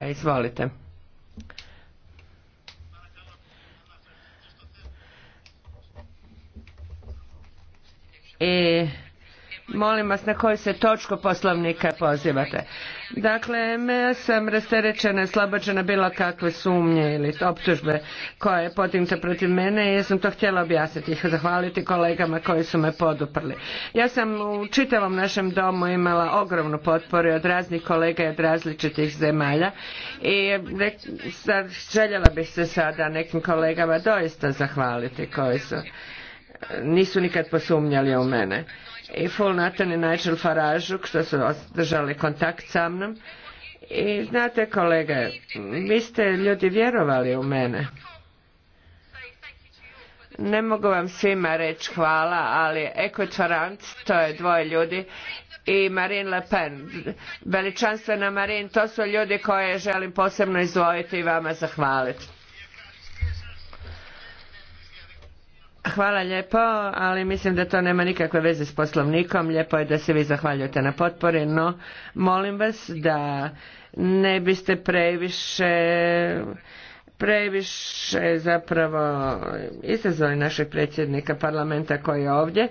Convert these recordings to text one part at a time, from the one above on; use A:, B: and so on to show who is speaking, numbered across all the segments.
A: Izvolite. e, e Molim vas na koju se točku poslovnika pozivate. Dakle, ja sam rasterećena i bilo kakve sumnje ili optužbe koje je podignuta protiv mene i ja sam to htjela objasniti i zahvaliti kolegama koji su me poduprli. Ja sam u čitavom našem domu imala ogromnu potporu od raznih kolega i od različitih zemalja i željela bih se sada nekim kolegama doista zahvaliti koji su nisu nikad posumnjali u mene i Full Nathan i Nigel Farage što su držali kontakt sa mnom i znate kolege vi ste ljudi vjerovali u mene ne mogu vam svima reći hvala, ali ekvivalent to je dvoje ljudi i Marine Le Pen. Veličanstvena Marine, to su ljudi koje želim posebno izvojiti i vama zahvaliti. Hvala lijepo, ali mislim da to nema nikakve veze s poslovnikom. Lijepo je da se vi zahvaljujete na potpori, no molim vas da ne biste previše previše zapravo izazvali našeg predsjednika parlamenta koji je ovdje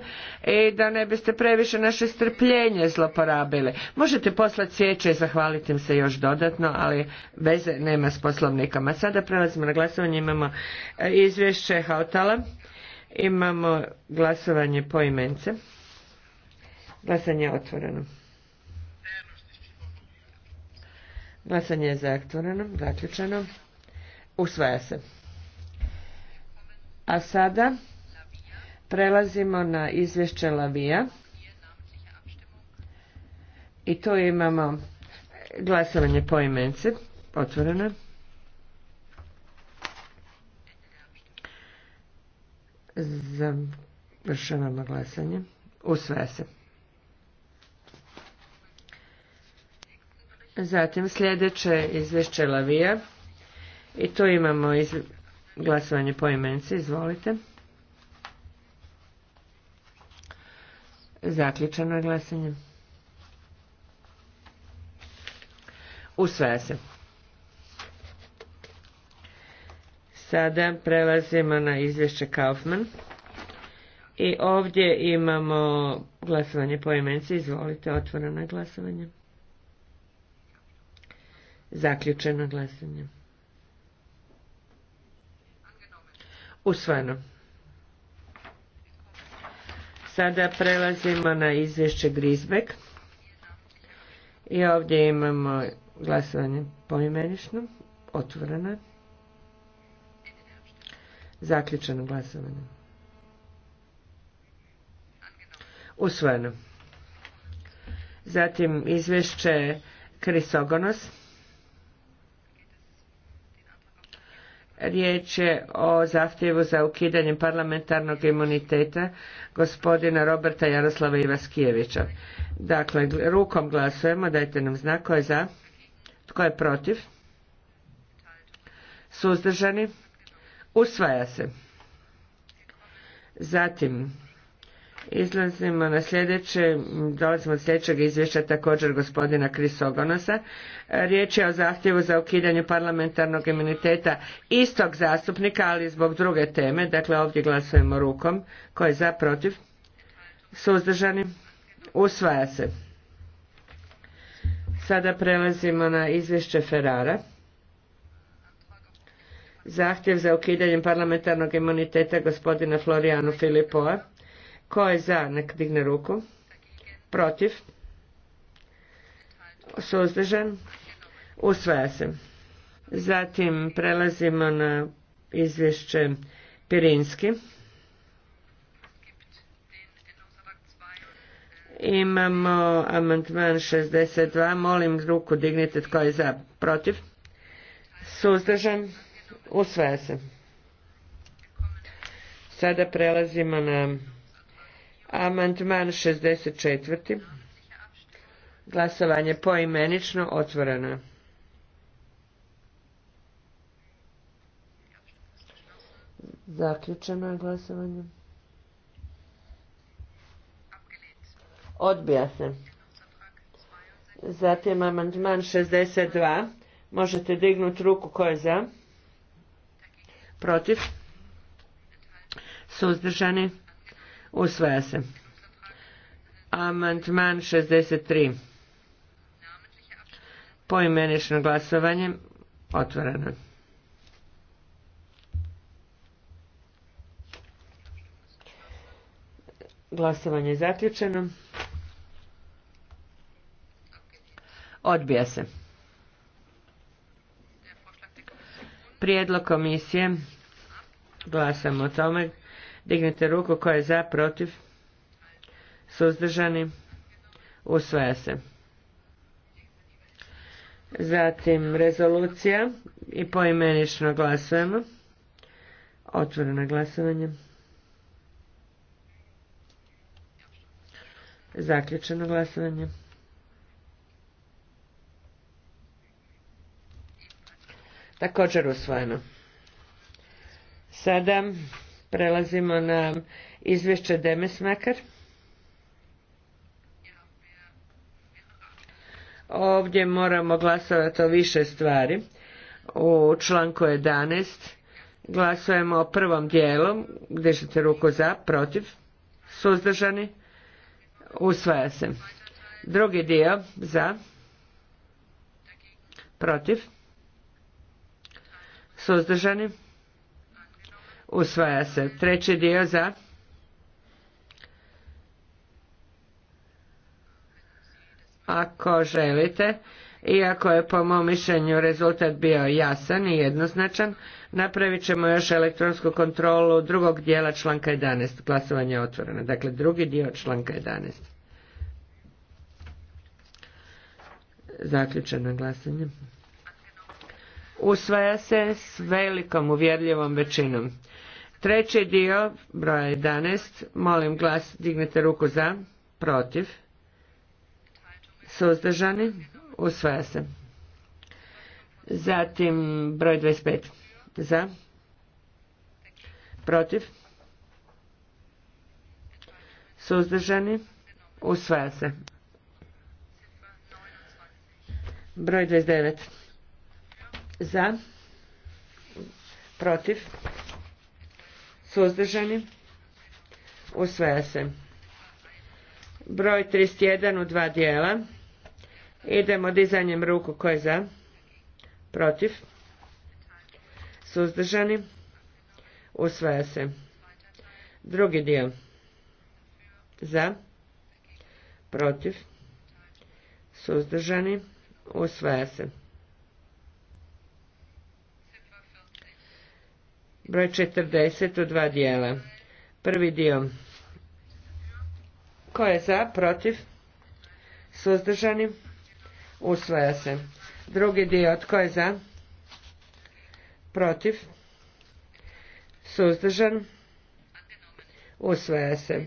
A: i da ne biste previše naše strpljenje zloporabili. Možete poslati svijeće i zahvaliti im se još dodatno, ali veze nema s poslovnikama. A sada prelazimo na glasovanje, imamo e, izvješće Hautala. Imamo glasovanje po imence. Glasanje je otvoreno. Glasanje je zatvoreno, zaključeno. Usvaja se. A sada prelazimo na izvješće Lavija. I tu imamo glasovanje po imence. Otvoreno. Završavamo glasanje. Usvaja se. Zatim sljedeće izvješće Lavija. I tu imamo glasovanje po imenci. Izvolite. Zaključeno je glasanje. Usvaja se. Sada prelazimo na izvješće Kaufman. I ovdje imamo glasovanje po imenci. Izvolite, otvoreno glasovanje. Zaključeno glasanje. Usvojeno. Sada prelazimo na izvješće Grizbek. I ovdje imamo glasovanje poimenično, otvoreno Zaključeno glasovanje. Usvojeno. Zatim izvješće Krisogonos. Riječ je o zahtjevu za ukidanjem parlamentarnog imuniteta gospodina Roberta Jaroslava Ivaskijevića. Dakle, rukom glasujemo, dajte nam znak ko je za, tko je protiv, suzdržani. Usvaja se. Zatim, izlazimo na sljedeće, dolazimo od sljedećeg izvješća također gospodina Ogonosa. Riječ je o zahtjevu za ukidanje parlamentarnog imuniteta istog zastupnika, ali zbog druge teme. Dakle, ovdje glasujemo rukom. Ko je za, protiv? Suzdržani? Usvaja se. Sada prelazimo na izvješće Ferrara zahtjev za ukidanjem parlamentarnog imuniteta gospodina Florijanu Filipova Ko je za? Nek digne ruku. Protiv? Suzdržan? Usvaja se. Zatim prelazimo na izvješće Pirinski. Imamo amantman 62. Molim ruku dignite tko je za. Protiv? Suzdržan? Usvaja se. Sada prelazimo na amandman 64. Glasovanje poimenično otvoreno. Zaključeno je glasovanje. Odbija se. Zatim amandman 62. Možete dignuti ruku ko je za protiv, suzdržani, usvaja se. Amantman 63. Poimenično glasovanje otvoreno. Glasovanje je zaključeno. Odbija se. Prijedlog komisije. Glasamo o tome. Dignite ruku koja je za, protiv. Suzdržani. Usvaja se. Zatim rezolucija i poimenično glasujemo. Otvoreno glasovanje. Zaključeno glasovanje. također usvojeno. Sada prelazimo na izvješće Demesmaker. Ovdje moramo glasovati o više stvari. U članku 11 glasujemo o prvom dijelu. ćete ruku za, protiv, suzdržani, usvaja se. Drugi dio za, protiv, Suzdržani? Usvaja se. Treći dio za? Ako želite, iako je po mom mišljenju rezultat bio jasan i jednoznačan, napravit ćemo još elektronsku kontrolu drugog dijela članka 11. Glasovanje je otvoreno. Dakle, drugi dio članka 11. Zaključeno glasanje usvaja se s velikom uvjerljivom većinom. Treći dio, broj 11, molim glas, dignete ruku za, protiv, suzdržani, usvaja se. Zatim broj 25, za, protiv, suzdržani, usvaja se. Broj 29 za, protiv, suzdržani, usvaja se. Broj 31 u dva dijela. Idemo dizanjem ruku koje je za, protiv, suzdržani, usvaja se. Drugi dio. Za, protiv, suzdržani, usvaja se. broj 40 u dva dijela. Prvi dio. Ko je za, protiv, suzdržani, usvaja se. Drugi dio, tko je za, protiv, suzdržan, usvaja se.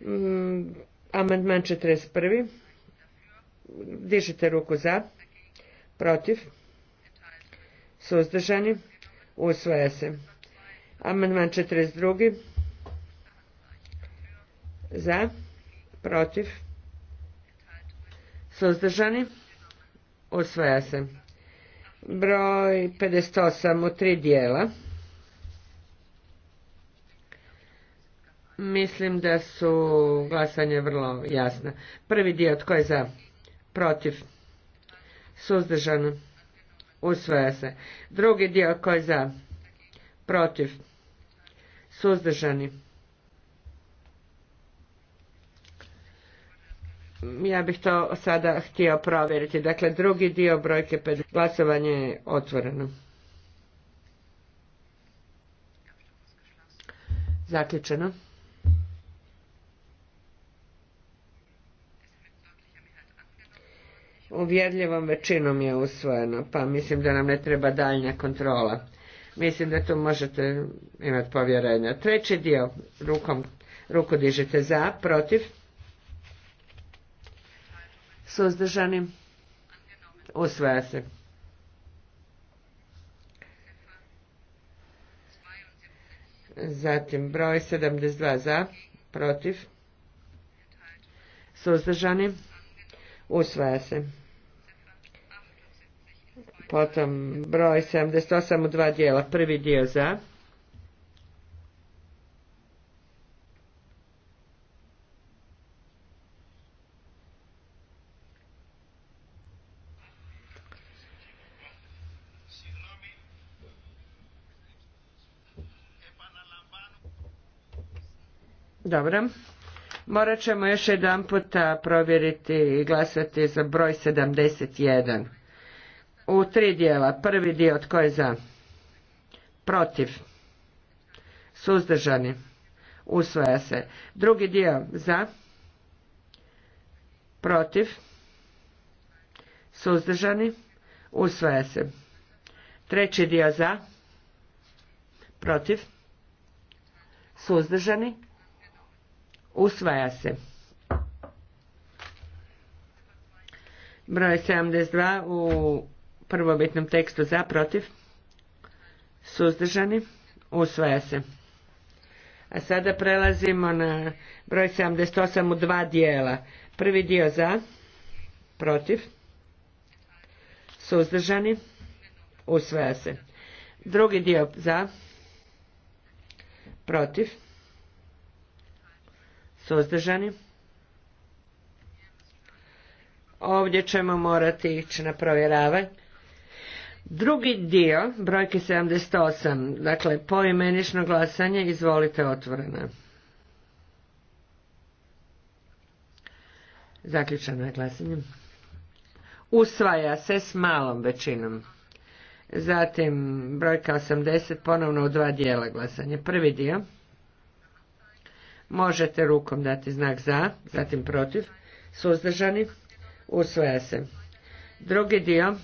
A: Mm, amandman amandman 41. Dižite ruku za, protiv, suzdržani, usvaja se. Amandman 42. Za. Protiv. Suzdržani. Usvaja se. Broj 58 u tri dijela. Mislim da su glasanje vrlo jasna. Prvi dio tko je za? Protiv. Suzdržano. Usvaja se. Drugi dio tko je za? Protiv. Suzdržani. Ja bih to sada htio provjeriti. Dakle, drugi dio brojke 50. Glasovanje je otvoreno. Zaključeno. Uvjerljivom većinom je usvojeno, pa mislim da nam ne treba daljnja kontrola. Mislim da to možete imati povjerenja. Treći dio, rukom, ruku dižete za, protiv, suzdržani, usvaja se. Zatim broj 72 za, protiv, suzdržani, usvaja se. Potom broj 78 u dva dijela. Prvi dio za. Dobro. Morat ćemo još jedan puta provjeriti i glasati za broj 71 u tri dijela. Prvi dio tko je za? Protiv. Suzdržani. Usvaja se. Drugi dio za? Protiv. Suzdržani. Usvaja se. Treći dio za? Protiv. Suzdržani. Usvaja se. Broj 72 u prvobitnom tekstu za, protiv, suzdržani, usvaja se. A sada prelazimo na broj 78 u dva dijela. Prvi dio za, protiv, suzdržani, usvaja se. Drugi dio za, protiv, suzdržani. Ovdje ćemo morati ići na provjeravanje Drugi dio, brojke 78, dakle poimenično glasanje, izvolite otvoreno. Zaključeno je glasanje. Usvaja se s malom većinom. Zatim brojka 80, ponovno u dva dijela glasanje. Prvi dio. Možete rukom dati znak za, zatim protiv, suzdržani, usvaja se. Drugi dio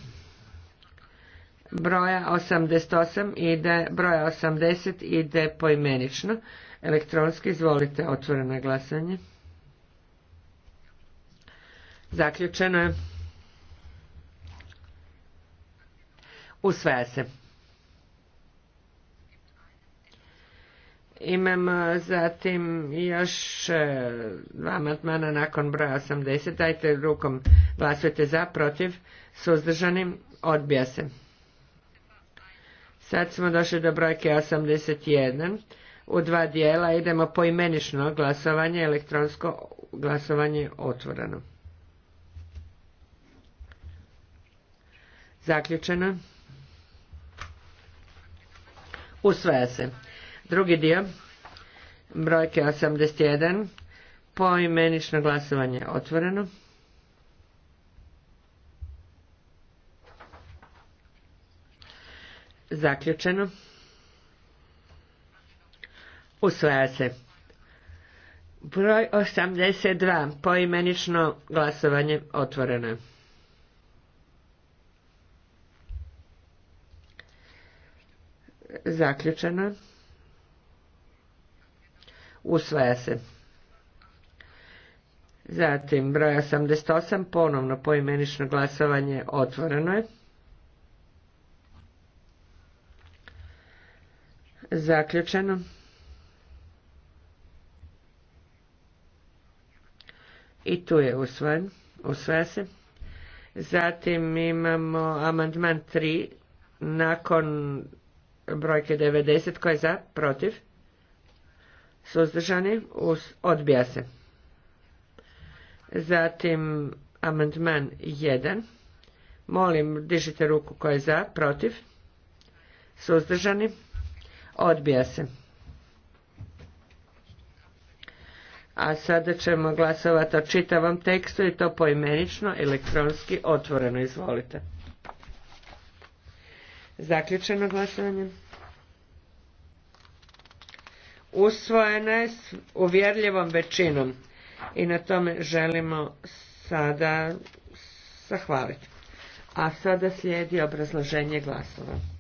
A: broja 88 ide, broja 80 ide poimenično. Elektronski, izvolite, otvoreno glasanje. Zaključeno je. Usvaja se. Imamo zatim još e, dva amandmana nakon broja 80. Dajte rukom glasujte za, protiv, suzdržanim, odbija se. Sad smo došli do brojke 81. U dva dijela idemo poimenično glasovanje, elektronsko glasovanje otvoreno. Zaključeno. Usvaja se. Drugi dio, brojke 81, poimenično glasovanje otvoreno. Zaključeno. Usvaja se. Broj 82. Poimenično glasovanje otvoreno. Zaključeno. Usvaja se. Zatim broj 88. Ponovno poimenično glasovanje otvoreno je. Zaključeno. I tu je usvojen. Usvaja se. Zatim imamo amandman 3 nakon brojke 90. Ko je za? Protiv? Suzdržani? Odbija se. Zatim amandman 1. Molim, dižite ruku ko je za, protiv, suzdržani. Odbija se. A sada ćemo glasovati o čitavom tekstu i to poimenično, elektronski, otvoreno. Izvolite. Zaključeno glasovanje. Usvojena je s uvjerljivom većinom i na tome želimo sada zahvaliti. A sada slijedi obrazloženje glasova.